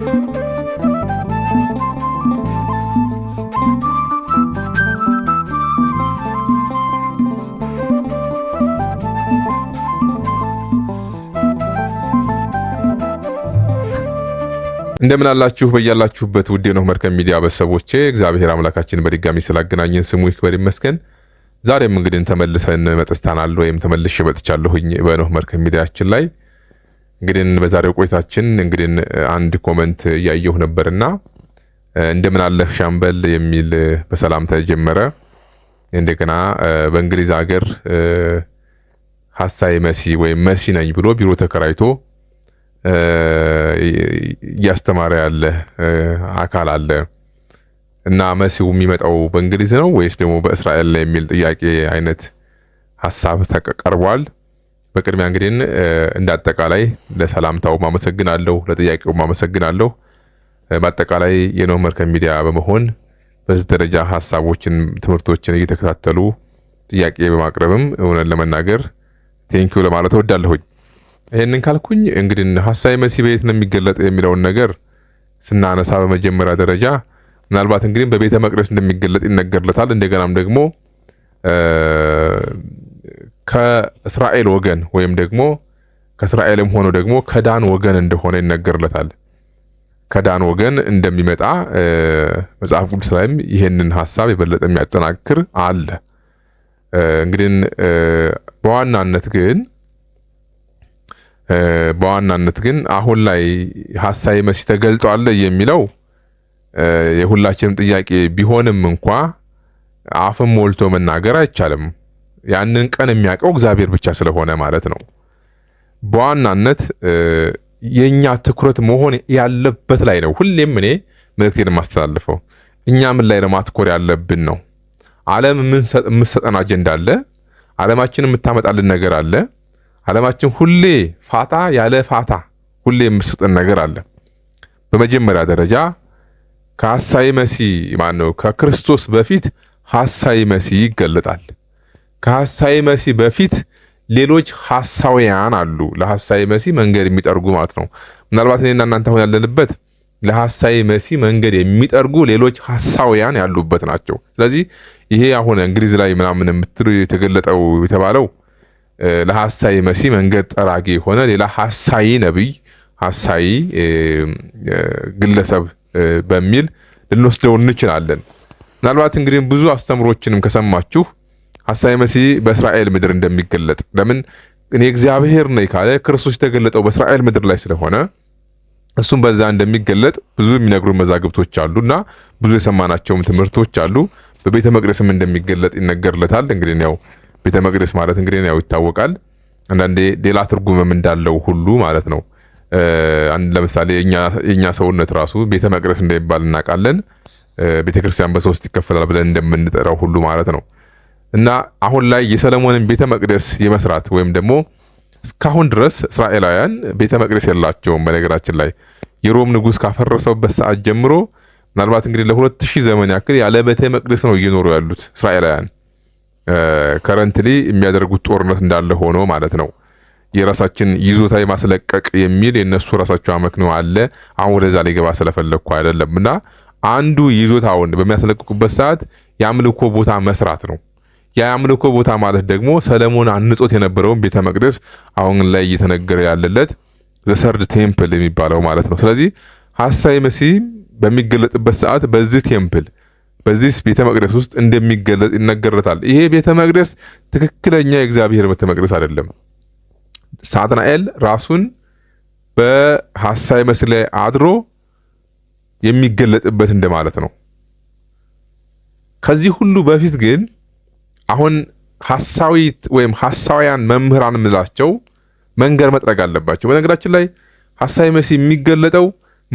እንደምን አላችሁ በያላችሁበት ውዴ ነው መርከብ ሚዲያ ቤተሰቦቼ፣ እግዚአብሔር አምላካችን በድጋሚ ስላገናኘን ስሙ ይክበር ይመስገን። ዛሬም እንግዲህ ተመልሰን መጥተናል ወይም ተመልሼ መጥቻለሁኝ በኖህ መርከብ ሚዲያችን ላይ እንግዲህ በዛሬው ቆይታችን እንግዲህ አንድ ኮመንት እያየሁ ነበርና እንደምን አለህ ሻምበል የሚል በሰላምታ የጀመረ እንደገና በእንግሊዝ ሀገር ሀሳይ መሲ ወይም መሲ ነኝ ብሎ ቢሮ ተከራይቶ እያስተማረ ያለ አካል አለ እና መሲው የሚመጣው በእንግሊዝ ነው ወይስ ደግሞ በእስራኤል ነው የሚል ጥያቄ አይነት ሀሳብ ተቀርቧል። በቅድሚያ እንግዲህ እንደ አጠቃላይ ለሰላምታው ማመሰግናለሁ፣ ለጥያቄው ማመሰግናለሁ። በአጠቃላይ የኖህ መርከብ ሚዲያ በመሆን በዚህ ደረጃ ሀሳቦችን፣ ትምህርቶችን እየተከታተሉ ጥያቄ በማቅረብም እውነን ለመናገር ቴንኪው ለማለት እወዳለሁኝ። ይህንን ካልኩኝ እንግዲህ ሀሳዊ መሲህ በየት ነው የሚገለጥ የሚለውን ነገር ስናነሳ በመጀመሪያ ደረጃ ምናልባት እንግዲህ በቤተ መቅደስ እንደሚገለጥ ይነገርለታል። እንደገናም ደግሞ ከእስራኤል ወገን ወይም ደግሞ ከእስራኤልም ሆኖ ደግሞ ከዳን ወገን እንደሆነ ይነገርለታል። ከዳን ወገን እንደሚመጣ መጽሐፍ ቅዱስ ላይም ይህንን ሀሳብ የበለጠ የሚያጠናክር አለ። እንግዲህ በዋናነት ግን በዋናነት ግን አሁን ላይ ሀሳዊ መሲህ ተገልጧል የሚለው የሁላችንም ጥያቄ ቢሆንም እንኳ አፍም ሞልቶ መናገር አይቻልም። ያንን ቀን የሚያውቀው እግዚአብሔር ብቻ ስለሆነ ማለት ነው። በዋናነት የእኛ ትኩረት መሆን ያለበት ላይ ነው። ሁሌም እኔ መልእክቴን የማስተላልፈው እኛ ምን ላይ ለማትኮር ያለብን ነው። ዓለም የምትሰጠን አጀንዳ አለ። ዓለማችን የምታመጣልን ነገር አለ። ዓለማችን ሁሌ ፋታ ያለ ፋታ ሁሌ የምትሰጠን ነገር አለ። በመጀመሪያ ደረጃ ከሐሳዊ መሲ ማነው? ከክርስቶስ በፊት ሐሳዊ መሲህ ይገለጣል። ከሀሳይ መሲህ በፊት ሌሎች ሐሳውያን አሉ። ለሀሳይ መሲህ መንገድ የሚጠርጉ ማለት ነው። ምናልባት እኔና እናንተ አሁን ያለንበት ለሀሳይ መሲህ መንገድ የሚጠርጉ ሌሎች ሐሳውያን ያሉበት ናቸው። ስለዚህ ይሄ አሁን እንግሊዝ ላይ ምናምን የምትሉ የተገለጠው የተባለው ለሀሳይ መሲህ መንገድ ጠራጊ የሆነ ሌላ ሐሳዊ ነቢይ፣ ሐሳዊ ግለሰብ በሚል ልንወስደው እንችላለን። ምናልባት እንግዲህ ብዙ አስተምሮችንም ከሰማችሁ ሐሳዌ መሲህ በእስራኤል ምድር እንደሚገለጥ ለምን እኔ እግዚአብሔር ነኝ ካለ ክርስቶስ የተገለጠው በእስራኤል ምድር ላይ ስለሆነ እሱም በዛ እንደሚገለጥ ብዙ የሚነግሩ መዛግብቶች እና ብዙ የሰማናቸውም ትምህርቶች አሉ። በቤተ መቅደስም እንደሚገለጥ ይነገርለታል። እንግዲህ ያው ቤተ መቅደስ ማለት እንግዲህ ያው ይታወቃል። አንዳንዴ ሌላ ትርጉምም እንዳለው ሁሉ ማለት ነው። ለምሳሌ የእኛ ሰውነት ራሱ ቤተ መቅደስ እንደሚባል እናውቃለን። ቤተክርስቲያን በሶስት ይከፈላል ብለን እንደምንጠራው ሁሉ ማለት ነው። እና አሁን ላይ የሰለሞንን ቤተ መቅደስ የመስራት ወይም ደግሞ እስካሁን ድረስ እስራኤላውያን ቤተ መቅደስ የላቸውም። በነገራችን ላይ የሮም ንጉሥ ካፈረሰበት ሰዓት ጀምሮ ምናልባት እንግዲህ ለሁለት ሺህ ዘመን ያክል ያለ ቤተ መቅደስ ነው እየኖሩ ያሉት እስራኤላውያን ከረንትሊ የሚያደርጉት ጦርነት እንዳለ ሆኖ ማለት ነው። የራሳችን ይዞታ የማስለቀቅ የሚል የእነሱ ራሳቸው አመክኖ አለ። አሁን ወደዛ ሊገባ ስለፈለግኩ አይደለም እና አንዱ ይዞታውን በሚያስለቅቁበት ሰዓት የአምልኮ ቦታ መስራት ነው። የአምልኮ ቦታ ማለት ደግሞ ሰለሞን አንጾት የነበረውን ቤተ መቅደስ አሁን ላይ እየተነገረ ያለለት ዘሰርድ ቴምፕል የሚባለው ማለት ነው። ስለዚህ ሐሳዌ መሲህ በሚገለጥበት ሰዓት በዚህ ቴምፕል በዚህ ቤተ መቅደስ ውስጥ እንደሚገለጥ ይነገረታል። ይሄ ቤተ መቅደስ ትክክለኛ የእግዚአብሔር ቤተ መቅደስ አይደለም። ሳጥናኤል ራሱን በሐሳዌ መሲህ ላይ አድሮ የሚገለጥበት እንደማለት ነው። ከዚህ ሁሉ በፊት ግን አሁን ሀሳዊ ወይም ሀሳዊያን መምህራን የምንላቸው መንገድ መጥረግ አለባቸው። በነገራችን ላይ ሀሳዊ መሲህ የሚገለጠው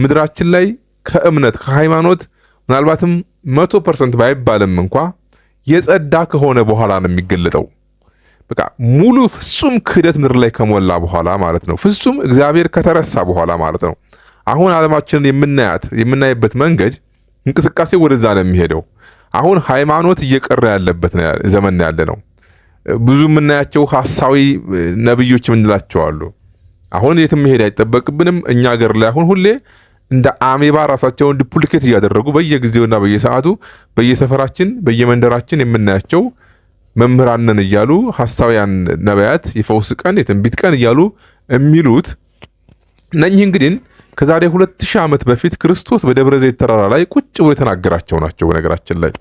ምድራችን ላይ ከእምነት ከሃይማኖት ምናልባትም መቶ ፐርሰንት ባይባልም እንኳ የጸዳ ከሆነ በኋላ ነው የሚገለጠው። በቃ ሙሉ ፍጹም ክህደት ምድር ላይ ከሞላ በኋላ ማለት ነው። ፍጹም እግዚአብሔር ከተረሳ በኋላ ማለት ነው። አሁን ዓለማችንን የምናያት የምናይበት መንገድ እንቅስቃሴ ወደዛ ነው የሚሄደው። አሁን ሃይማኖት እየቀረ ያለበት ዘመን ያለ ነው። ብዙ የምናያቸው ሀሳዊ ነብዮች የምንላቸው አሉ። አሁን የትም መሄድ አይጠበቅብንም። እኛ ገር ላይ አሁን ሁሌ እንደ አሜባ ራሳቸውን ዱፕሊኬት እያደረጉ በየጊዜውና በየሰዓቱ በየሰፈራችን በየመንደራችን የምናያቸው መምህራንን እያሉ ሀሳውያን ነቢያት የፈውስ ቀን የትንቢት ቀን እያሉ የሚሉት እነኚህ እንግዲህ ከዛሬ ሁለት ሺህ ዓመት በፊት ክርስቶስ በደብረ ዘይት ተራራ ላይ ቁጭ ብሎ የተናገራቸው ናቸው። በነገራችን ላይ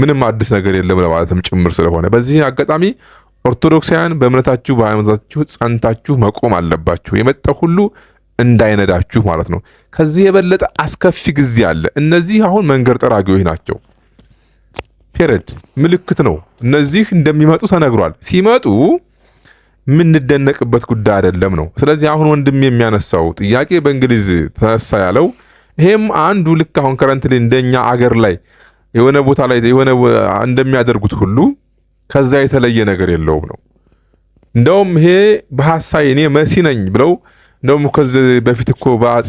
ምንም አዲስ ነገር የለም ለማለትም ጭምር ስለሆነ በዚህ አጋጣሚ ኦርቶዶክሳውያን በእምነታችሁ በሃይማኖታችሁ ጸንታችሁ መቆም አለባችሁ። የመጣው ሁሉ እንዳይነዳችሁ ማለት ነው። ከዚህ የበለጠ አስከፊ ጊዜ አለ። እነዚህ አሁን መንገድ ጠራጊዎች ናቸው። ፔረድ ምልክት ነው። እነዚህ እንደሚመጡ ተነግሯል። ሲመጡ የምንደነቅበት ጉዳይ አይደለም ነው። ስለዚህ አሁን ወንድም የሚያነሳው ጥያቄ በእንግሊዝ ተነሳ ያለው ይሄም አንዱ ልክ አሁን ከረንትሊ እንደኛ አገር ላይ የሆነ ቦታ ላይ የሆነ እንደሚያደርጉት ሁሉ ከዛ የተለየ ነገር የለውም ነው። እንደውም ይሄ በሐሳይ እኔ መሲ ነኝ ብለው እንደውም ከዚህ በፊት እኮ በአጼ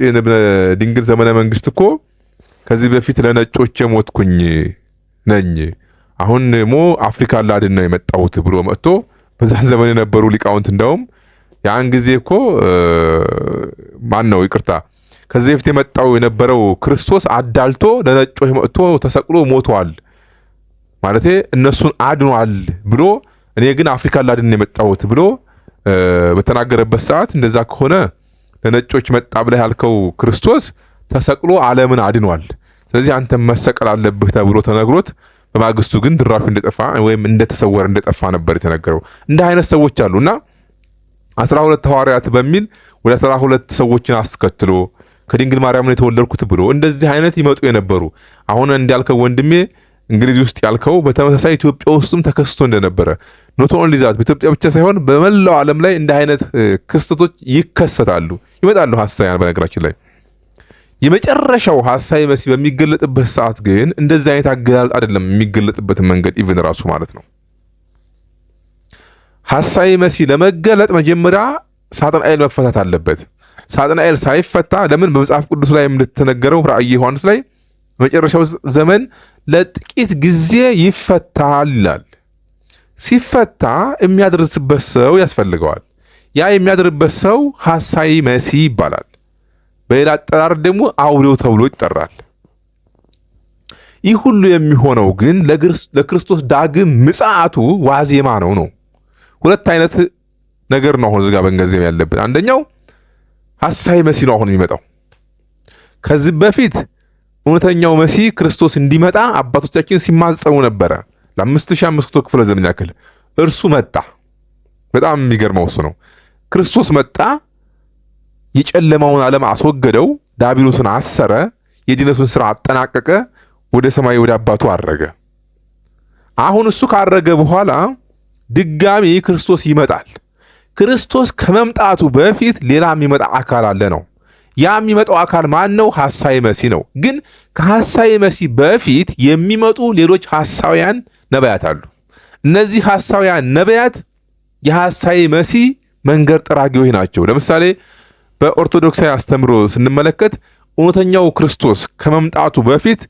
ድንግል ዘመነ መንግስት እኮ ከዚህ በፊት ለነጮች የሞትኩኝ ነኝ አሁን ሞ አፍሪካ ላድን ነው የመጣሁት ብሎ መጥቶ በዛ ዘመን የነበሩ ሊቃውንት እንደውም ያን ጊዜ እኮ ማን ነው ይቅርታ፣ ከዚህ በፊት የመጣው የነበረው ክርስቶስ አዳልቶ ለነጮች መጥቶ ተሰቅሎ ሞቷል፣ ማለት እነሱን አድኗል ብሎ እኔ ግን አፍሪካ ላድን የመጣሁት ብሎ በተናገረበት ሰዓት እንደዛ ከሆነ ለነጮች መጣ ብለህ ያልከው ክርስቶስ ተሰቅሎ ዓለምን አድኗል። ስለዚህ አንተ መሰቀል አለብህ ተብሎ ተነግሮት በማግስቱ ግን ድራሹ እንደጠፋ ወይም እንደተሰወረ እንደጠፋ ነበር የተነገረው። እንዲህ አይነት ሰዎች አሉ እና አስራ ሁለት ሐዋርያት በሚል ወደ አስራ ሁለት ሰዎችን አስከትሎ ከድንግል ማርያም የተወለድኩት ብሎ እንደዚህ አይነት ይመጡ የነበሩ አሁን እንዳልከው ወንድሜ እንግሊዝ ውስጥ ያልከው በተመሳሳይ ኢትዮጵያ ውስጥም ተከስቶ እንደነበረ ኖት ኦንሊ ዛት በኢትዮጵያ ብቻ ሳይሆን በመላው ዓለም ላይ እንደ አይነት ክስተቶች ይከሰታሉ፣ ይመጣሉ ሀሳያን በነገራችን ላይ የመጨረሻው ሀሳዊ መሲህ በሚገለጥበት ሰዓት ግን እንደዚህ አይነት አገላለጥ አይደለም የሚገለጥበትን መንገድ ኢቭን ራሱ ማለት ነው። ሀሳዊ መሲህ ለመገለጥ መጀመሪያ ሳጥናኤል መፈታት አለበት። ሳጥናኤል ሳይፈታ ለምን በመጽሐፍ ቅዱስ ላይ እንደተነገረው ራእየ ዮሐንስ ላይ መጨረሻው ዘመን ለጥቂት ጊዜ ይፈታል ይላል። ሲፈታ የሚያደርስበት ሰው ያስፈልገዋል። ያ የሚያድርበት ሰው ሀሳዊ መሲህ ይባላል። በሌላ አጠራር ደግሞ አውሬው ተብሎ ይጠራል። ይህ ሁሉ የሚሆነው ግን ለክርስቶስ ዳግም ምጽአቱ ዋዜማ ነው ነው ሁለት አይነት ነገር ነው። አሁን እዚጋ በንገንዘብ ያለብን አንደኛው ሐሳዊ መሲ ነው አሁን የሚመጣው። ከዚህ በፊት እውነተኛው መሲ ክርስቶስ እንዲመጣ አባቶቻችን ሲማጸኑ ነበረ ለ5500 ክፍለ ዘመን ያክል። እርሱ መጣ። በጣም የሚገርመው እሱ ነው። ክርስቶስ መጣ። የጨለማውን ዓለም አስወገደው፣ ዳቢሎስን አሰረ፣ የድነቱን ሥራ አጠናቀቀ፣ ወደ ሰማይ ወደ አባቱ አረገ። አሁን እሱ ካረገ በኋላ ድጋሚ ክርስቶስ ይመጣል። ክርስቶስ ከመምጣቱ በፊት ሌላ የሚመጣ አካል አለ ነው። ያ የሚመጣው አካል ማን ነው? ሐሳዌ መሲህ ነው። ግን ከሐሳዌ መሲህ በፊት የሚመጡ ሌሎች ሐሳውያን ነቢያት አሉ። እነዚህ ሐሳውያን ነቢያት የሐሳዌ መሲህ መንገድ ጠራጊዎች ናቸው። ለምሳሌ በኦርቶዶክሳዊ አስተምሮ ስንመለከት እውነተኛው ክርስቶስ ከመምጣቱ በፊት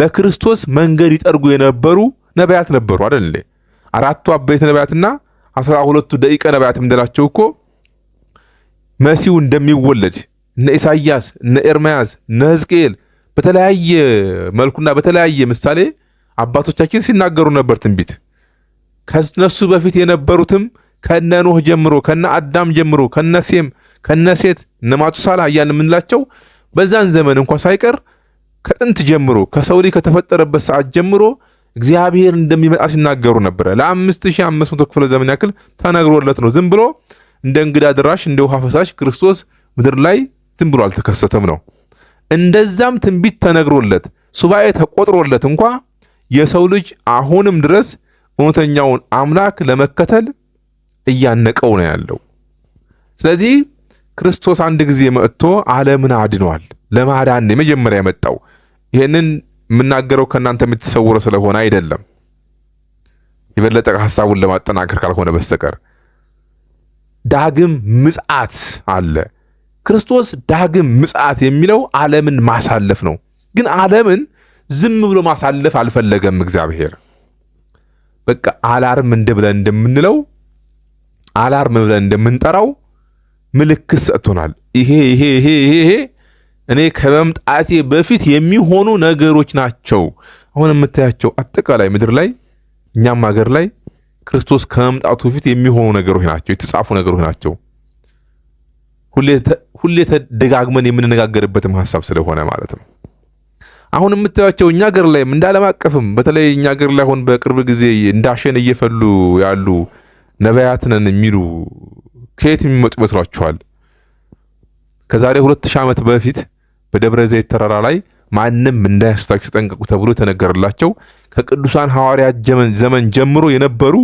ለክርስቶስ መንገድ ይጠርጉ የነበሩ ነቢያት ነበሩ አደለ? አራቱ አበይት ነቢያትና አስራ ሁለቱ ደቂቀ ነቢያት የምንላቸው እኮ መሲሁ እንደሚወለድ እነ ኢሳያስ፣ እነ ኤርምያስ፣ እነ ሕዝቅኤል በተለያየ መልኩና በተለያየ ምሳሌ አባቶቻችን ሲናገሩ ነበር ትንቢት። ከነሱ በፊት የነበሩትም ከነ ኖህ ጀምሮ ከነ አዳም ጀምሮ ከነ ሴም ከነሴት እነማቱሳላ እያን የምንላቸው በዛን ዘመን እንኳ ሳይቀር ከጥንት ጀምሮ ከሰው ልጅ ከተፈጠረበት ሰዓት ጀምሮ እግዚአብሔር እንደሚመጣ ሲናገሩ ነበረ። ለ5500 ክፍለ ዘመን ያክል ተነግሮለት ነው። ዝም ብሎ እንደ እንግዳ ድራሽ እንደ ውሃ ፈሳሽ ክርስቶስ ምድር ላይ ዝም ብሎ አልተከሰተም ነው። እንደዛም ትንቢት ተነግሮለት ሱባኤ ተቆጥሮለት እንኳ የሰው ልጅ አሁንም ድረስ እውነተኛውን አምላክ ለመከተል እያነቀው ነው ያለው። ስለዚህ ክርስቶስ አንድ ጊዜ መጥቶ ዓለምን አድኗል። ለማዳን የመጀመሪያ የመጣው ይህንን የምናገረው ከእናንተ የምትሰውረ ስለሆነ አይደለም፣ የበለጠ ሀሳቡን ለማጠናከር ካልሆነ በስተቀር ዳግም ምጽአት አለ። ክርስቶስ ዳግም ምጽአት የሚለው ዓለምን ማሳለፍ ነው። ግን ዓለምን ዝም ብሎ ማሳለፍ አልፈለገም እግዚአብሔር። በቃ አላርም እንደ ብለን እንደምንለው አላርም ብለን እንደምንጠራው ምልክት ሰጥቶናል። ይሄ ይሄ ይሄ ይሄ እኔ ከመምጣቴ በፊት የሚሆኑ ነገሮች ናቸው። አሁን የምታያቸው አጠቃላይ ምድር ላይ እኛም ሀገር ላይ ክርስቶስ ከመምጣቱ በፊት የሚሆኑ ነገሮች ናቸው፣ የተጻፉ ነገሮች ናቸው። ሁሌ ተደጋግመን የምንነጋገርበትም ሀሳብ ስለሆነ ማለት ነው። አሁን የምታያቸው እኛ ሀገር ላይም እንደ ዓለም አቀፍም በተለይ እኛ ሀገር ላይ አሁን በቅርብ ጊዜ እንዳሸን እየፈሉ ያሉ ነቢያት ነን የሚሉ ከየት የሚመጡ ይመስሏችኋል? ከዛሬ ሁለት ሺህ ዓመት በፊት በደብረ ዘይት ተራራ ላይ ማንም እንዳያስታችሁ ተጠንቀቁ ተብሎ የተነገረላቸው ከቅዱሳን ሐዋርያት ዘመን ጀምሮ የነበሩ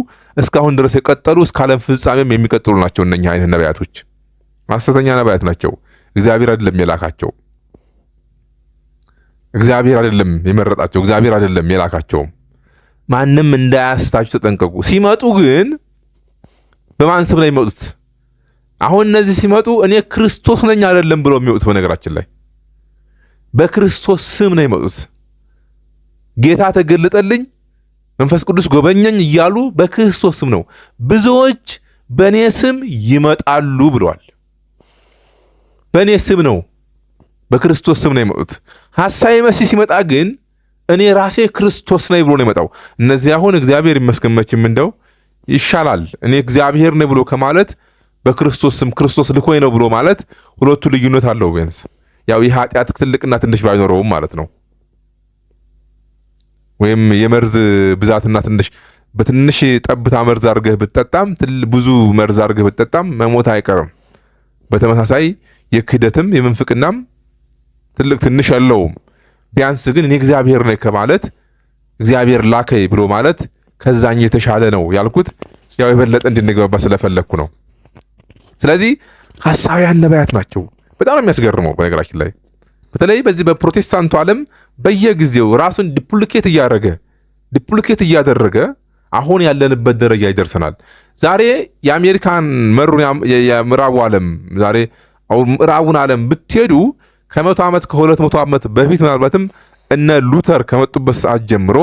እስካሁን ድረስ የቀጠሉ እስከ ዓለም ፍጻሜም የሚቀጥሉ ናቸው። እነኛ አይነት ነቢያቶች ሐሰተኛ ነቢያት ናቸው። እግዚአብሔር አይደለም የላካቸው። እግዚአብሔር አይደለም የመረጣቸው። እግዚአብሔር አይደለም የላካቸውም። ማንም እንዳያስታችሁ ተጠንቀቁ። ሲመጡ ግን በማን ስም ነው የሚመጡት? አሁን እነዚህ ሲመጡ እኔ ክርስቶስ ነኝ አይደለም ብለው የሚወጡት በነገራችን ላይ በክርስቶስ ስም ነው የመጡት። ጌታ ተገለጠልኝ፣ መንፈስ ቅዱስ ጎበኘኝ እያሉ በክርስቶስ ስም ነው። ብዙዎች በእኔ ስም ይመጣሉ ብለዋል። በእኔ ስም ነው፣ በክርስቶስ ስም ነው የመጡት። ሐሳዌ መሲህ ሲመጣ ግን እኔ ራሴ ክርስቶስ ነኝ ብሎ ነው የመጣው። እነዚህ አሁን እግዚአብሔር ይመስገን መቼም እንደው ይሻላል እኔ እግዚአብሔር ነኝ ብሎ ከማለት በክርስቶስ ስም ክርስቶስ ልኮኝ ነው ብሎ ማለት ሁለቱ ልዩነት አለው። ቢያንስ ያው የኃጢአት ትልቅና ትንሽ ባይኖረውም ማለት ነው። ወይም የመርዝ ብዛትና ትንሽ በትንሽ ጠብታ መርዝ አድርገህ ብትጠጣም ብዙ መርዝ አድርገህ ብትጠጣም መሞት አይቀርም። በተመሳሳይ የክህደትም የምንፍቅናም ትልቅ ትንሽ የለውም። ቢያንስ ግን እኔ እግዚአብሔር ነኝ ከማለት እግዚአብሔር ላከኝ ብሎ ማለት ከዛኝ የተሻለ ነው ያልኩት ያው የበለጠ እንድንገባ ስለፈለግኩ ነው። ስለዚህ ሀሳውያን ነቢያት ናቸው። በጣም ነው የሚያስገርመው። በነገራችን ላይ በተለይ በዚህ በፕሮቴስታንቱ ዓለም በየጊዜው ራሱን ዲፕሊኬት እያደረገ ዲፕሊኬት እያደረገ አሁን ያለንበት ደረጃ ይደርሰናል። ዛሬ የአሜሪካን መሩ የምዕራቡ ዓለም ዛሬ ምዕራቡን ዓለም ብትሄዱ ከመቶ ዓመት ከሁለት መቶ ዓመት በፊት ምናልባትም እነ ሉተር ከመጡበት ሰዓት ጀምሮ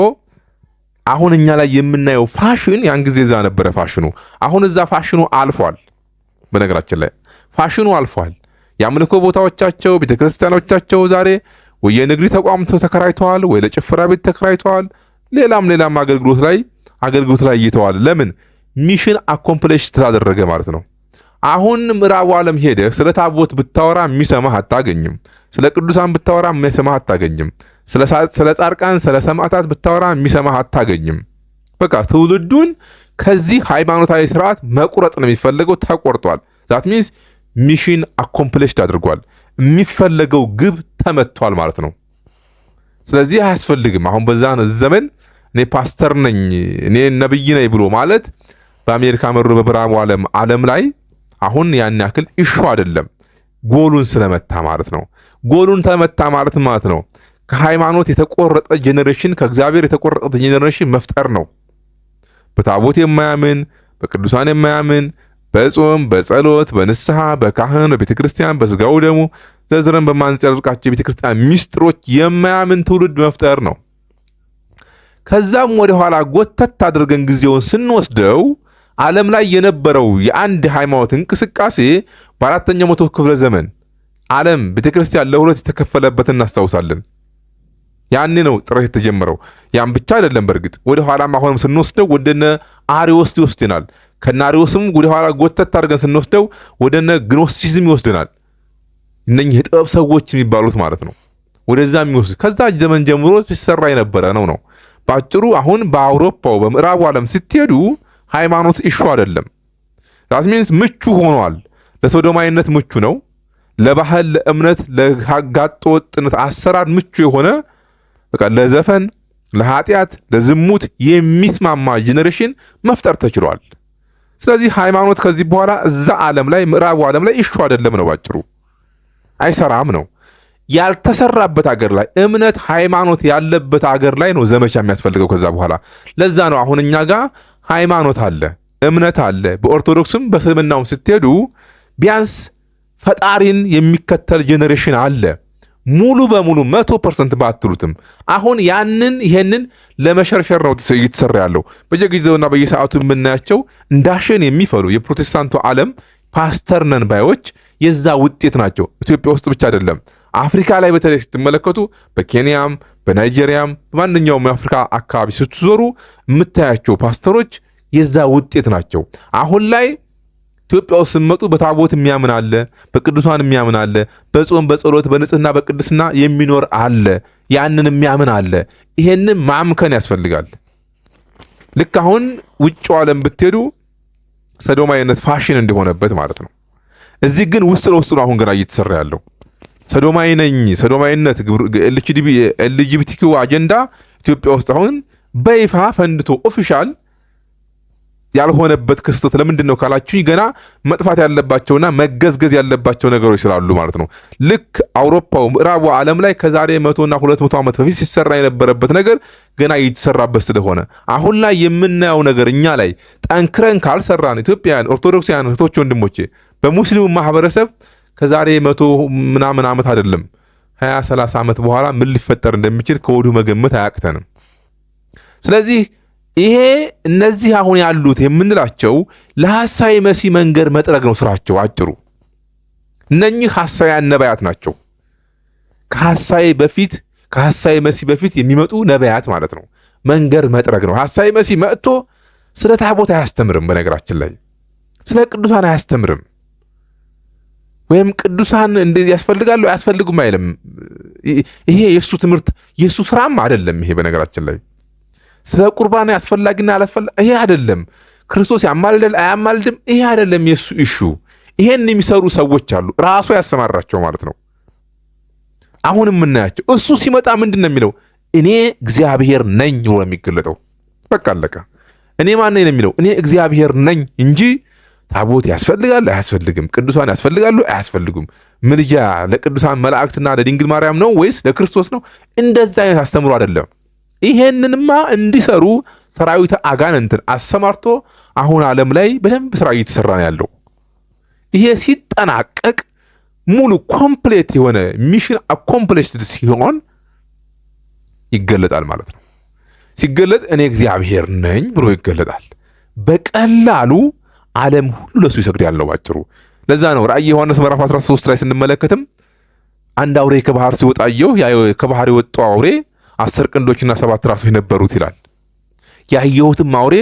አሁን እኛ ላይ የምናየው ፋሽን ያን ጊዜ እዛ ነበረ ፋሽኑ። አሁን እዛ ፋሽኑ አልፏል። በነገራችን ላይ ፋሽኑ አልፏል። የአምልኮ ቦታዎቻቸው ቤተክርስቲያኖቻቸው ዛሬ ወይ የንግድ ተቋም ተከራይተዋል፣ ወይ ለጭፈራ ቤት ተከራይተዋል። ሌላም ሌላም አገልግሎት ላይ አገልግሎት ላይ እይተዋል። ለምን ሚሽን አኮምፕሌሽ ተደረገ ማለት ነው። አሁን ምዕራቡ ዓለም ሄደ ስለ ታቦት ብታወራ የሚሰማህ አታገኝም። ስለ ቅዱሳን ብታወራ የሚሰማህ አታገኝም። ስለ ጻድቃን ስለ ሰማዕታት ብታወራ የሚሰማህ አታገኝም። በቃ ትውልዱን ከዚህ ሃይማኖታዊ ስርዓት መቁረጥ ነው የሚፈለገው። ተቆርጧል። ዛት ሚንስ ሚሽን አኮምፕሊሽድ አድርጓል። የሚፈለገው ግብ ተመቷል ማለት ነው። ስለዚህ አያስፈልግም። አሁን በዛ ዘመን እኔ ፓስተር ነኝ እኔ ነብይ ነኝ ብሎ ማለት በአሜሪካ መሩ በምዕራቡ ዓለም ዓለም ላይ አሁን ያን ያክል ኢሹ አይደለም። ጎሉን ስለመታ ማለት ነው። ጎሉን ተመታ ማለት ማለት ነው ከሃይማኖት የተቆረጠ ጄኔሬሽን ከእግዚአብሔር የተቆረጠ ጄኔሬሽን መፍጠር ነው። በታቦት የማያምን በቅዱሳን የማያምን በጾም በጸሎት በንስሐ በካህን በቤተ ክርስቲያን በስጋው ደሙ ዘርዝረን በማንጸባርቃቸው የቤተ ክርስቲያን ሚስጥሮች የማያምን ትውልድ መፍጠር ነው። ከዛም ወደ ኋላ ጎተት አድርገን ጊዜውን ስንወስደው ዓለም ላይ የነበረው የአንድ ሃይማኖት እንቅስቃሴ በአራተኛው መቶ ክፍለ ዘመን ዓለም ቤተ ክርስቲያን ለሁለት የተከፈለበትን እናስታውሳለን። ያን ነው ጥረት የተጀመረው። ያን ብቻ አይደለም። በእርግጥ ወደ ኋላም አሁንም ስንወስደው ወደነ አሪዎስ ይወስድናል። ከነ አሪዎስም ወደ ኋላ ጎተት አድርገን ስንወስደው ወደነ ግኖስቲሲዝም ይወስድናል። እነኚህ የጥበብ ሰዎች የሚባሉት ማለት ነው ወደዛ የሚወስድ ከዛ ዘመን ጀምሮ ሲሰራ የነበረ ነው ነው በአጭሩ አሁን በአውሮፓው በምዕራቡ ዓለም ስትሄዱ ሃይማኖት እሹ አይደለም። ዛስሚንስ ምቹ ሆኗል። ለሶዶማዊነት ምቹ ነው። ለባህል፣ ለእምነት፣ ለጋጠወጥነት አሰራር ምቹ የሆነ በቃ ለዘፈን፣ ለኃጢአት፣ ለዝሙት የሚስማማ ጄኔሬሽን መፍጠር ተችሏል። ስለዚህ ሃይማኖት ከዚህ በኋላ እዛ ዓለም ላይ ምዕራቡ ዓለም ላይ እሹ አይደለም ነው፣ ባጭሩ አይሰራም ነው። ያልተሰራበት አገር ላይ እምነት ሃይማኖት ያለበት አገር ላይ ነው ዘመቻ የሚያስፈልገው ከዛ በኋላ። ለዛ ነው አሁን እኛ ጋር ሃይማኖት አለ፣ እምነት አለ። በኦርቶዶክስም በእስልምናውም ስትሄዱ ቢያንስ ፈጣሪን የሚከተል ጄኔሬሽን አለ። ሙሉ በሙሉ መቶ ፐርሰንት ባትሉትም አሁን ያንን ይሄንን ለመሸርሸር ነው እየተሰራ ያለው። በየጊዜውና በየሰዓቱ የምናያቸው እንዳሸን የሚፈሉ የፕሮቴስታንቱ ዓለም ፓስተር ነን ባዮች የዛ ውጤት ናቸው። ኢትዮጵያ ውስጥ ብቻ አይደለም፣ አፍሪካ ላይ በተለይ ስትመለከቱ በኬንያም በናይጄሪያም በማንኛውም የአፍሪካ አካባቢ ስትዞሩ የምታያቸው ፓስተሮች የዛ ውጤት ናቸው አሁን ላይ ኢትዮጵያ ውስጥ ስመጡ በታቦት የሚያምን አለ፣ በቅዱሳን የሚያምን አለ፣ በጾም በጸሎት በንጽህና በቅድስና የሚኖር አለ፣ ያንን የሚያምን አለ። ይሄንን ማምከን ያስፈልጋል። ልክ አሁን ውጭ ዓለም ብትሄዱ ሰዶማዊነት ፋሽን እንደሆነበት ማለት ነው። እዚህ ግን ውስጥ ለውስጥ ነው አሁን ገና እየተሰራ ያለው ሰዶማዊ ነኝ ሰዶማዊነት ኤልጂቢቲኪ አጀንዳ ኢትዮጵያ ውስጥ አሁን በይፋ ፈንድቶ ኦፊሻል ያልሆነበት ክስተት ለምንድን ነው ካላችሁኝ፣ ገና መጥፋት ያለባቸውና መገዝገዝ ያለባቸው ነገሮች ስላሉ ማለት ነው። ልክ አውሮፓው ምዕራቡ ዓለም ላይ ከዛሬ መቶና ሁለት መቶ ዓመት በፊት ሲሰራ የነበረበት ነገር ገና የተሰራበት ስለሆነ አሁን ላይ የምናየው ነገር እኛ ላይ ጠንክረን ካልሰራን ኢትዮጵያውያን፣ ኦርቶዶክሳውያን እህቶች ወንድሞቼ፣ በሙስሊሙ ማህበረሰብ ከዛሬ መቶ ምናምን ዓመት አይደለም ሀያ ሰላሳ ዓመት በኋላ ምን ሊፈጠር እንደሚችል ከወዲሁ መገመት አያቅተንም። ስለዚህ ይሄ እነዚህ አሁን ያሉት የምንላቸው ለሐሳዊ መሲ መንገድ መጥረግ ነው ስራቸው። አጭሩ እነኚህ ሐሳውያን ነቢያት ናቸው። ከሐሳዊ በፊት ከሐሳዊ መሲ በፊት የሚመጡ ነቢያት ማለት ነው። መንገድ መጥረግ ነው። ሐሳዊ መሲ መጥቶ ስለ ታቦት አያስተምርም። በነገራችን ላይ ስለ ቅዱሳን አያስተምርም። ወይም ቅዱሳን እንደዚህ ያስፈልጋሉ አያስፈልጉም አይልም። ይሄ የእሱ ትምህርት የእሱ ስራም አይደለም። ይሄ በነገራችን ላይ ስለ ቁርባን ያስፈላጊና አላስፈላ ይሄ አይደለም። ክርስቶስ ያማልደል አያማልድም ይሄ አይደለም የእሱ እሹ። ይሄን የሚሰሩ ሰዎች አሉ፣ ራሱ ያሰማራቸው ማለት ነው። አሁን የምናያቸው እሱ ሲመጣ ምንድን ነው የሚለው? እኔ እግዚአብሔር ነኝ ብሎ የሚገለጠው በቃ አለቀ። እኔ ማን ነኝ ነው የሚለው? እኔ እግዚአብሔር ነኝ እንጂ ታቦት ያስፈልጋል አያስፈልግም፣ ቅዱሳን ያስፈልጋሉ አያስፈልጉም፣ ምልጃ ለቅዱሳን መላእክትና ለድንግል ማርያም ነው ወይስ ለክርስቶስ ነው? እንደዛ አይነት አስተምሮ አይደለም። ይሄንንማ እንዲሰሩ ሰራዊት አጋንንትን አሰማርቶ አሁን ዓለም ላይ በደንብ ስራ እየተሰራ ነው ያለው። ይሄ ሲጠናቀቅ ሙሉ ኮምፕሌት የሆነ ሚሽን አኮምፕሊሽድ ሲሆን ይገለጣል ማለት ነው። ሲገለጥ እኔ እግዚአብሔር ነኝ ብሎ ይገለጣል። በቀላሉ ዓለም ሁሉ ለሱ ይሰግድ ያለው ባጭሩ። ለዛ ነው ራእየ ዮሐንስ ምዕራፍ 13 ላይ ስንመለከትም አንድ አውሬ ከባህር ሲወጣየው ያ ከባህር የወጣው አውሬ አስር ቀንዶችና ሰባት ራሶች ነበሩት ይላል። ያየሁትም አውሬ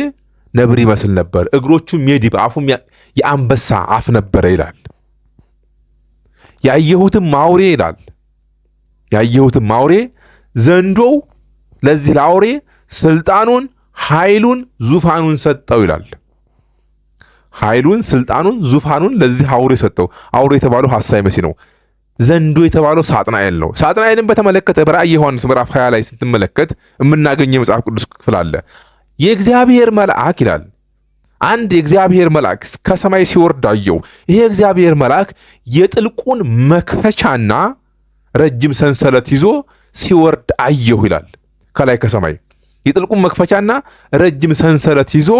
ነብር ይመስል ነበር፣ እግሮቹም የድብ አፉም የአንበሳ አፍ ነበረ ይላል። ያየሁትም አውሬ ይላል ያየሁትም አውሬ ዘንዶው ለዚህ ለአውሬ ስልጣኑን፣ ኃይሉን፣ ዙፋኑን ሰጠው ይላል። ኃይሉን፣ ስልጣኑን፣ ዙፋኑን ለዚህ አውሬ ሰጠው። አውሬ የተባለው ሐሳዊ መሲ ነው። ዘንዶ የተባለው ሳጥናኤል ነው። ሳጥናኤልን በተመለከተ በራእየ ዮሐንስ ምዕራፍ 20 ላይ ስትመለከት የምናገኘ የመጽሐፍ ቅዱስ ክፍል አለ። የእግዚአብሔር መልአክ ይላል። አንድ የእግዚአብሔር መልአክ ከሰማይ ሲወርድ አየው። ይሄ የእግዚአብሔር መልአክ የጥልቁን መክፈቻና ረጅም ሰንሰለት ይዞ ሲወርድ አየሁ ይላል። ከላይ ከሰማይ የጥልቁን መክፈቻና ረጅም ሰንሰለት ይዞ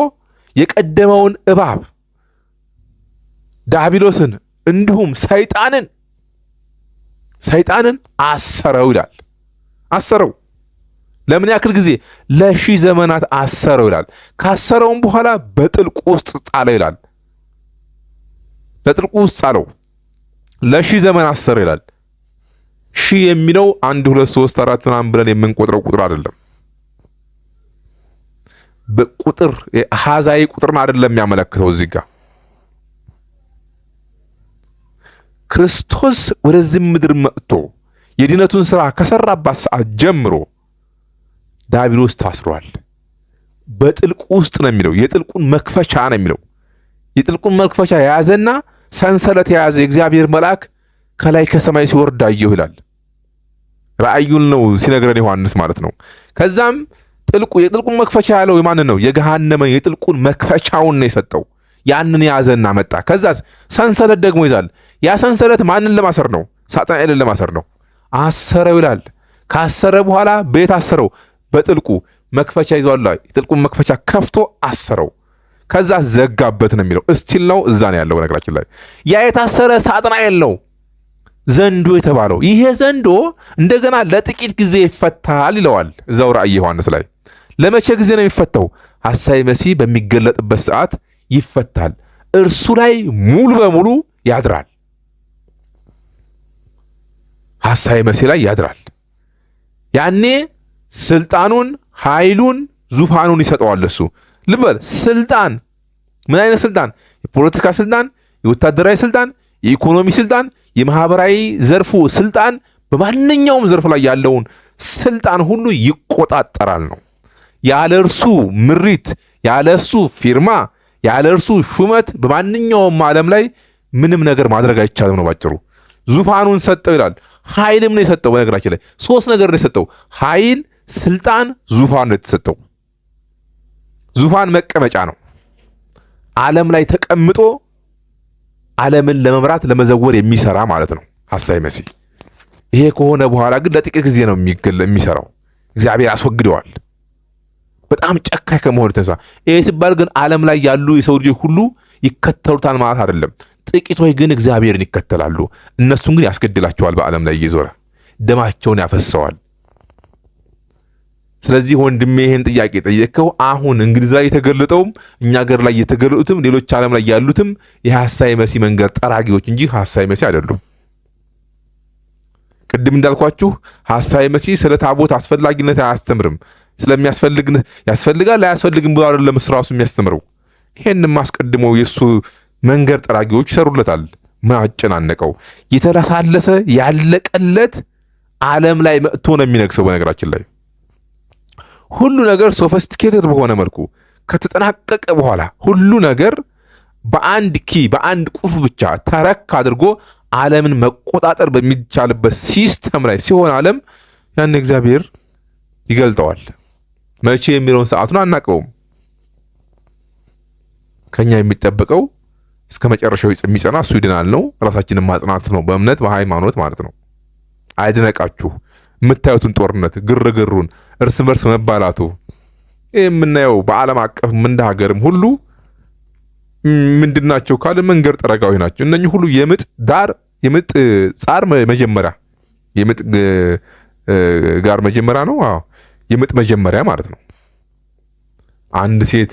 የቀደመውን እባብ ዳቢሎስን እንዲሁም ሰይጣንን ሰይጣንን አሰረው ይላል። አሰረው ለምን ያክል ጊዜ? ለሺህ ዘመናት አሰረው ይላል። ካሰረውም በኋላ በጥልቁ ውስጥ ጣለው ይላል። በጥልቁ ውስጥ ጣለው ለሺህ ዘመን አሰረው ይላል። ሺህ የሚለው አንድ ሁለት ሶስት አራት ምናምን ብለን የምንቆጥረው ቁጥር አይደለም። በቁጥር ሀዛዊ ቁጥርን አይደለም የሚያመለክተው እዚህ ጋር ክርስቶስ ወደዚህ ምድር መጥቶ የድነቱን ሥራ ከሠራባት ሰዓት ጀምሮ ዳቢሎስ ታስሯል። በጥልቁ ውስጥ ነው የሚለው። የጥልቁን መክፈቻ ነው የሚለው። የጥልቁን መክፈቻ የያዘና ሰንሰለት የያዘ የእግዚአብሔር መልአክ ከላይ ከሰማይ ሲወርድ አየሁ ይላል። ራእዩን ነው ሲነግረን ዮሐንስ ማለት ነው። ከዛም ጥልቁ የጥልቁን መክፈቻ ያለው የማንን ነው? የገሃነመ የጥልቁን መክፈቻውን ነው የሰጠው። ያንን የያዘና መጣ። ከዛስ ሰንሰለት ደግሞ ይዛል። ያ ሰንሰለት ማንን ለማሰር ነው? ሳጥናኤልን ለማሰር ነው። አሰረው ይላል። ካሰረ በኋላ ቤት አሰረው? በጥልቁ መክፈቻ ይዟል። የጥልቁን መክፈቻ ከፍቶ አሰረው። ከዛ ዘጋበት ነው የሚለው። እስቲል ነው እዛ ነው ያለው። ነገራችን ላይ ያ የታሰረ ሳጥናኤል ነው ዘንዶ የተባለው። ይሄ ዘንዶ እንደገና ለጥቂት ጊዜ ይፈታል ይለዋል እዛው ራእይ ዮሐንስ ላይ። ለመቼ ጊዜ ነው የሚፈታው? ሐሳዌ መሲህ በሚገለጥበት ሰዓት ይፈታል። እርሱ ላይ ሙሉ በሙሉ ያድራል። ሐሳዌ መሲ ላይ ያድራል። ያኔ ስልጣኑን፣ ኃይሉን፣ ዙፋኑን ይሰጠዋል። እሱ ልበል ስልጣን ምን አይነት ስልጣን? የፖለቲካ ስልጣን፣ የወታደራዊ ስልጣን፣ የኢኮኖሚ ስልጣን፣ የማህበራዊ ዘርፉ ስልጣን፣ በማንኛውም ዘርፍ ላይ ያለውን ስልጣን ሁሉ ይቆጣጠራል ነው። ያለ እርሱ ምሪት፣ ያለ እርሱ ፊርማ፣ ያለ እርሱ ሹመት በማንኛውም ዓለም ላይ ምንም ነገር ማድረግ አይቻልም ነው ባጭሩ። ዙፋኑን ሰጠው ይላል። ኃይልም ነው የሰጠው። በነገራችን ላይ ሶስት ነገር ነው የሰጠው፣ ኃይል፣ ስልጣን፣ ዙፋን ነው የተሰጠው። ዙፋን መቀመጫ ነው። ዓለም ላይ ተቀምጦ ዓለምን ለመምራት ለመዘወር የሚሰራ ማለት ነው ሐሳዌ መሲህ። ይሄ ከሆነ በኋላ ግን ለጥቂት ጊዜ ነው የሚሰራው። እግዚአብሔር አስወግደዋል በጣም ጨካኝ ከመሆኑ የተነሳ። ይሄ ሲባል ግን ዓለም ላይ ያሉ የሰው ልጆች ሁሉ ይከተሉታል ማለት አይደለም። ጥቂቶች ግን እግዚአብሔርን ይከተላሉ። እነሱን ግን ያስገድላቸዋል፣ በዓለም ላይ እየዞረ ደማቸውን ያፈሰዋል። ስለዚህ ወንድሜ ይህን ጥያቄ ጠየቅከው። አሁን እንግሊዝ ላይ የተገለጠውም እኛ ሀገር ላይ የተገለጡትም ሌሎች ዓለም ላይ ያሉትም የሐሳዊ መሲህ መንገድ ጠራጊዎች እንጂ ሐሳዊ መሲህ አይደሉም። ቅድም እንዳልኳችሁ ሐሳዊ መሲህ ስለ ታቦት አስፈላጊነት አያስተምርም። ስለሚያስፈልግ ያስፈልጋል አያስፈልግም ብሎ አይደለም እራሱ የሚያስተምረው። ይሄንም አስቀድሞ የእሱ መንገድ ጠራጊዎች ይሰሩለታል። አጨናነቀው የተለሳለሰ ያለቀለት ዓለም ላይ መጥቶ ነው የሚነግሰው። በነገራችን ላይ ሁሉ ነገር ሶፈስቲኬትድ በሆነ መልኩ ከተጠናቀቀ በኋላ ሁሉ ነገር በአንድ ኪ በአንድ ቁፍ ብቻ ተረክ አድርጎ ዓለምን መቆጣጠር በሚቻልበት ሲስተም ላይ ሲሆን ዓለም ያን እግዚአብሔር ይገልጠዋል። መቼ የሚለውን ሰዓቱን አናውቀውም። ከኛ የሚጠበቀው እስከ መጨረሻው የሚጸና እሱ ይድናል ነው። ራሳችንን ማጽናት ነው፣ በእምነት በሃይማኖት ማለት ነው። አይድነቃችሁ የምታዩትን ጦርነት፣ ግርግሩን፣ እርስ በርስ መባላቱ ይህ የምናየው በዓለም አቀፍ እንደ ሀገርም ሁሉ ምንድናቸው ካለ መንገድ ጠረጋዊ ናቸው። እነኚህ ሁሉ የምጥ ዳር የምጥ ጻር መጀመሪያ የምጥ ጋር መጀመሪያ ነው። አዎ የምጥ መጀመሪያ ማለት ነው። አንድ ሴት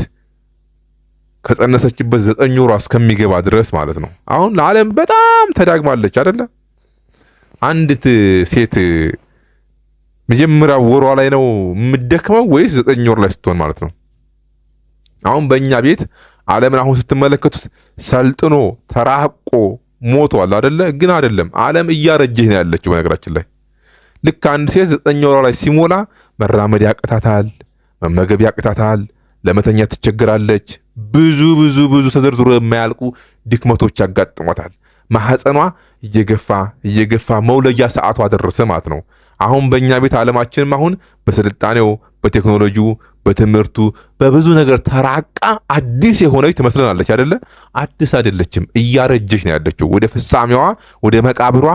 ከጸነሰችበት ዘጠኝ ወሯ እስከሚገባ ድረስ ማለት ነው። አሁን ለዓለም በጣም ተዳግማለች አይደለ? አንዲት ሴት መጀመሪያ ወሯ ላይ ነው የምደክመው ወይስ ዘጠኝ ወር ላይ ስትሆን ማለት ነው? አሁን በእኛ ቤት ዓለምን አሁን ስትመለከቱት ሰልጥኖ ተራቆ ሞቷል አደለ? ግን አደለም፣ ዓለም እያረጀች ነው ያለችው። በነገራችን ላይ ልክ አንድ ሴት ዘጠኝ ወሯ ላይ ሲሞላ መራመድ ያቅታታል፣ መመገብ ያቅታታል፣ ለመተኛ ትቸግራለች። ብዙ ብዙ ብዙ ተዘርዝሮ የማያልቁ ድክመቶች ያጋጥሟታል። ማህፀኗ እየገፋ እየገፋ መውለጃ ሰዓቷ ደረሰ ማለት ነው። አሁን በእኛ ቤት ዓለማችንም አሁን በስልጣኔው፣ በቴክኖሎጂው፣ በትምህርቱ በብዙ ነገር ተራቃ አዲስ የሆነች ትመስለናለች አደለ? አዲስ አይደለችም፣ እያረጀች ነው ያለችው። ወደ ፍጻሜዋ ወደ መቃብሯ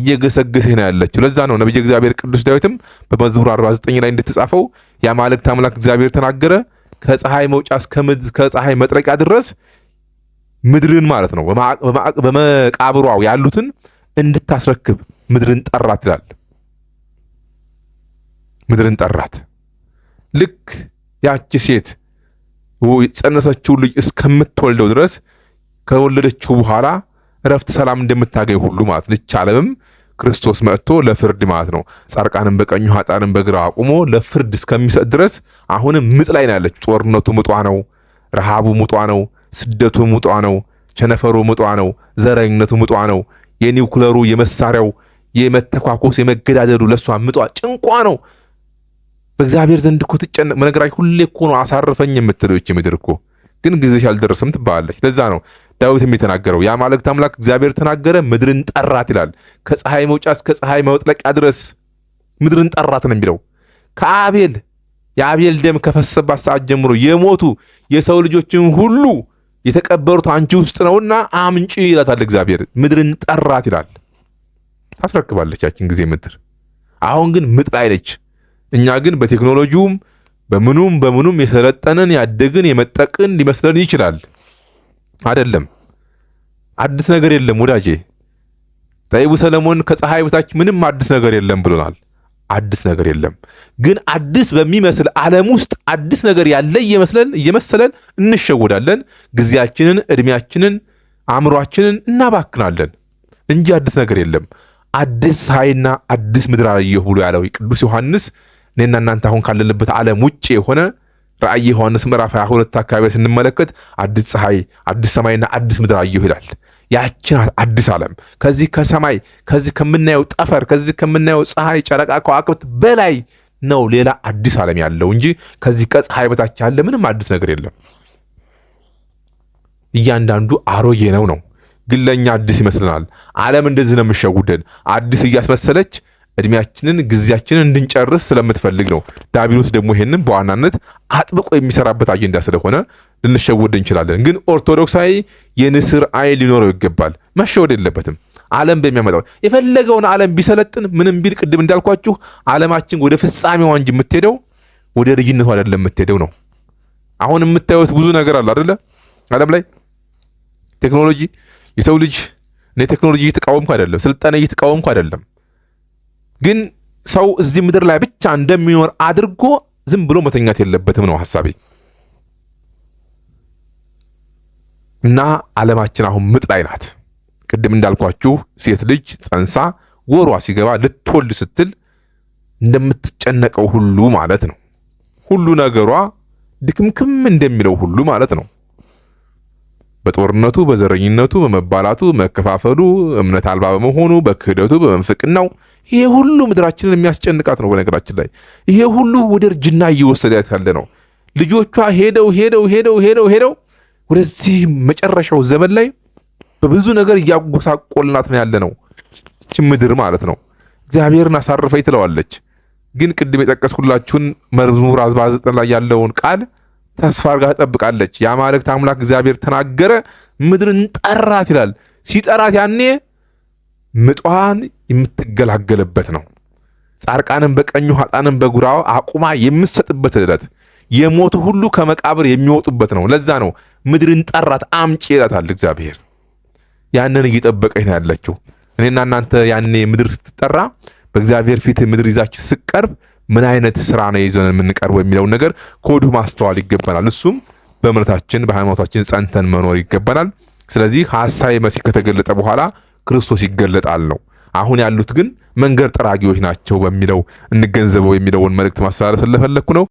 እየገሰገሰች ነው ያለችው። ለዛ ነው ነቢየ እግዚአብሔር ቅዱስ ዳዊትም በመዝሙር 49 ላይ እንደተጻፈው የአማልክት አምላክ እግዚአብሔር ተናገረ ከፀሐይ መውጫ እስከ ከፀሐይ መጥረቂያ ድረስ ምድርን ማለት ነው በመቃብሯ ያሉትን እንድታስረክብ ምድርን ጠራት ይላል። ምድርን ጠራት። ልክ ያቺ ሴት የጸነሰችው ልጅ እስከምትወልደው ድረስ ከወለደችው በኋላ እረፍት ሰላም እንደምታገኝ ሁሉ ማለት አለምም። ክርስቶስ መጥቶ ለፍርድ ማለት ነው። ጻርቃንን በቀኙ ኃጣንን በግራ አቁሞ ለፍርድ እስከሚሰጥ ድረስ አሁንም ምጥ ላይ ነው ጦርነቱ ምጧ ነው፣ ረሃቡ ምጧ ነው፣ ስደቱ ምጧ ነው፣ ቸነፈሩ ምጧ ነው፣ ዘረኝነቱ ምጧ ነው፣ የኒውክለሩ የመሳሪያው የመተኳኮስ የመገዳደሉ ለእሷ ምጧ ጭንቋ ነው። በእግዚአብሔር ዘንድ እኮ ትጨነቅ መነገራች ሁሌ እኮ ነው አሳርፈኝ የምትለው ይች ምድር እኮ ግን ጊዜሽ አልደረሰም ትባላለች። ለዛ ነው ዳዊት የሚተናገረው ያ የአማልክት አምላክ እግዚአብሔር ተናገረ፣ ምድርን ጠራት ይላል። ከፀሐይ መውጫ እስከ ፀሐይ መውጥለቂያ ድረስ ምድርን ጠራት ነው የሚለው። ከአቤል የአቤል ደም ከፈሰባት ሰዓት ጀምሮ የሞቱ የሰው ልጆችን ሁሉ የተቀበሩት አንቺ ውስጥ ነውና አምንጪ ይላታል እግዚአብሔር። ምድርን ጠራት ይላል። ታስረክባለች ያችን ጊዜ ምድር። አሁን ግን ምጥ ላይ ነች። እኛ ግን በቴክኖሎጂውም በምኑም በምኑም የሰለጠንን ያደግን የመጠቅን ሊመስለን ይችላል። አይደለም። አዲስ ነገር የለም ወዳጄ። ጠቢቡ ሰለሞን ከፀሐይ በታች ምንም አዲስ ነገር የለም ብሎናል። አዲስ ነገር የለም። ግን አዲስ በሚመስል ዓለም ውስጥ አዲስ ነገር ያለ እየመስለን እየመሰለን እንሸወዳለን። ጊዜያችንን፣ እድሜያችንን፣ አእምሯችንን እናባክናለን እንጂ አዲስ ነገር የለም። አዲስ ፀሐይና አዲስ ምድር አየሁ ብሎ ያለው ቅዱስ ዮሐንስ እኔና እናንተ አሁን ካለንበት ዓለም ውጭ የሆነ ራእይ ዮሐንስ ምዕራፍ 22 አካባቢ ስንመለከት አዲስ ፀሐይ፣ አዲስ ሰማይና አዲስ ምድር አየሁ ይላል። ያችን አዲስ ዓለም ከዚህ ከሰማይ ከዚህ ከምናየው ጠፈር ከዚህ ከምናየው ፀሐይ፣ ጨረቃ፣ ከዋክብት በላይ ነው ሌላ አዲስ ዓለም ያለው እንጂ ከዚህ ከፀሐይ በታች ያለ ምንም አዲስ ነገር የለም። እያንዳንዱ አሮጌ ነው ነው ግን ለእኛ አዲስ ይመስለናል። ዓለም እንደዚህ ነው የምሸውደን አዲስ እያስመሰለች እድሜያችንን ጊዜያችንን እንድንጨርስ ስለምትፈልግ ነው። ዳቢሎስ ደግሞ ይሄንን በዋናነት አጥብቆ የሚሰራበት አጀንዳ ስለሆነ ልንሸወድ እንችላለን። ግን ኦርቶዶክሳዊ የንስር አይን ሊኖረው ይገባል። መሸወድ የለበትም። ዓለም በሚያመጣው የፈለገውን ዓለም ቢሰለጥን ምንም ቢል፣ ቅድም እንዳልኳችሁ ዓለማችን ወደ ፍጻሜዋ እንጂ የምትሄደው ወደ ልጅነቱ አይደለም የምትሄደው ነው። አሁን የምታዩት ብዙ ነገር አለ አደለ? ዓለም ላይ ቴክኖሎጂ የሰው ልጅ እኔ ቴክኖሎጂ እየተቃወምኩ አይደለም፣ ስልጣኔ እየተቃወምኩ አይደለም። ግን ሰው እዚህ ምድር ላይ ብቻ እንደሚኖር አድርጎ ዝም ብሎ መተኛት የለበትም ነው ሐሳቤ። እና ዓለማችን አሁን ምጥ ላይ ናት። ቅድም እንዳልኳችሁ ሴት ልጅ ጸንሳ ወሯ ሲገባ ልትወልድ ስትል እንደምትጨነቀው ሁሉ ማለት ነው። ሁሉ ነገሯ ድክምክም እንደሚለው ሁሉ ማለት ነው። በጦርነቱ በዘረኝነቱ በመባላቱ መከፋፈሉ እምነት አልባ በመሆኑ በክህደቱ በመንፍቅናው ይሄ ሁሉ ምድራችንን የሚያስጨንቃት ነው። በነገራችን ላይ ይሄ ሁሉ ወደ እርጅና እየወሰዳት ያለ ነው። ልጆቿ ሄደው ሄደው ሄደው ሄደው ሄደው ወደዚህ መጨረሻው ዘመን ላይ በብዙ ነገር እያጎሳቆልናት ነው ያለ ነው ምድር ማለት ነው። እግዚአብሔርን አሳርፈኝ ትለዋለች። ግን ቅድም የጠቀስኩላችሁን መዝሙር አርባ ዘጠኝ ላይ ያለውን ቃል ተስፋ አድርጋ ትጠብቃለች። የአማልክት አምላክ እግዚአብሔር ተናገረ፣ ምድርን ጠራት ይላል። ሲጠራት ያኔ ምጧን የምትገላገልበት ነው። ጻርቃንም በቀኙ ኃጣንም በጉራው አቁማ የምትሰጥበት ዕለት የሞቱ ሁሉ ከመቃብር የሚወጡበት ነው። ለዛ ነው ምድርን ጠራት አምጪ ይላታል እግዚአብሔር። ያንን እየጠበቀች ነው ያለችው። እኔና እናንተ ያኔ ምድር ስትጠራ በእግዚአብሔር ፊት ምድር ይዛች ስቀርብ ምን አይነት ስራ ነው ይዘን የምንቀርበው የሚለውን ነገር ከወዲሁ ማስተዋል ይገባናል። እሱም በእምነታችን በሃይማኖታችን ጸንተን መኖር ይገባናል። ስለዚህ ሐሳዌ መሲህ ከተገለጠ በኋላ ክርስቶስ ይገለጣል ነው። አሁን ያሉት ግን መንገድ ጠራጊዎች ናቸው በሚለው እንገንዘበው የሚለውን መልእክት ማስተላለፍ ስለፈለግኩ ነው።